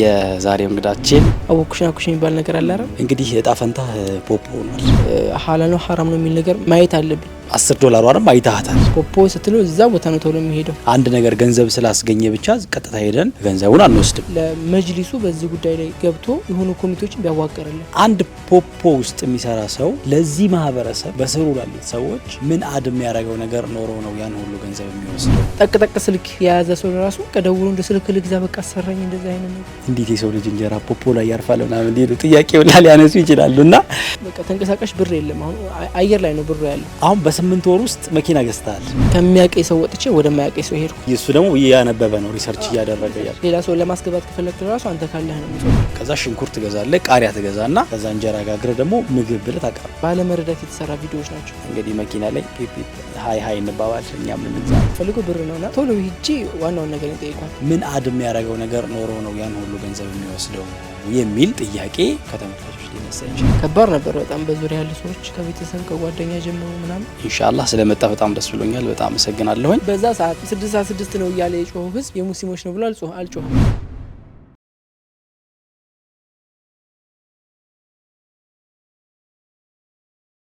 የዛሬው እንግዳችን አቦ ኩሽና ኩሽ የሚባል ነገር አለ። እንግዲህ እጣ ፈንታ ፖፖ ሆኗል። ሀላል ነው ሀራም ነው የሚል ነገር ማየት አለብኝ። አስር ዶላር ዋርም አይታሃታል። ኮፖ ስትለው እዛ ቦታ ነው ተብሎ የሚሄደው። አንድ ነገር ገንዘብ ስላስገኘ ብቻ ቀጥታ ሄደን ገንዘቡን አንወስድም። ለመጅሊሱ በዚህ ጉዳይ ላይ ገብቶ የሆኑ ኮሚቴዎችን ቢያዋቀርልን አንድ ፖፖ ውስጥ የሚሰራ ሰው ለዚህ ማህበረሰብ በስሩ ላሉት ሰዎች ምን አድ የሚያደርገው ነገር ኖሮ ነው ያን ሁሉ ገንዘብ የሚወስደው? ጠቅጠቅ ስልክ የያዘ ሰው ራሱ ቀደውሎ እንደ ስልክ ልግዛ በቃ አሰራኝ እንደዚህ አይነት ነው። እንዴት የሰው ልጅ እንጀራ ፖፖ ላይ ያርፋል ምናምን ሊሄዱ ጥያቄ ላ ሊያነሱ ይችላሉ። እና በቃ ተንቀሳቃሽ ብር የለም አሁን አየር ላይ ነው ብሩ ያለው አሁን በ ወር ውስጥ መኪና ገዝተሃል። ከሚያውቀኝ ሰው ወጥቼ ወደማያውቀኝ ሰው ሄድኩ። እሱ ደግሞ እያነበበ ነው፣ ሪሰርች እያደረገ ያለ። ሌላ ሰው ለማስገባት ከፈለግ ራሱ አንተ ካለህ ነው። ከዛ ሽንኩርት ትገዛለህ፣ ቃሪያ ትገዛና ከዛ እንጀራ ጋግረ ደግሞ ምግብ ብለህ ታቀርብ። ባለመረዳት የተሰራ ቪዲዮዎች ናቸው። እንግዲህ መኪና ላይ ሀይ ሀይ እንባባል። እኛ ምን ፈልጎ ብር ነውና ቶሎ ሂጂ ዋናውን ነገር ይጠይቋል። ምን አድም ያደረገው ነገር ኖሮ ነው ያን ሁሉ ገንዘብ የሚወስደው የሚል ጥያቄ ከተመልካቾች ሊነሳ ይችላል። ከባድ ነበር በጣም በዙሪያ ያሉ ሰዎች ከቤተሰብ ከጓደኛ ጀምሮ ምናምን ኢንሻአላህ ስለመጣ በጣም ደስ ብሎኛል። በጣም አመሰግናለሁኝ። በዛ ሰዓት 66 ስድስት ነው እያለ የጮኸው ህዝብ የሙስሊሞች ነው ብሎ አልጮኸም።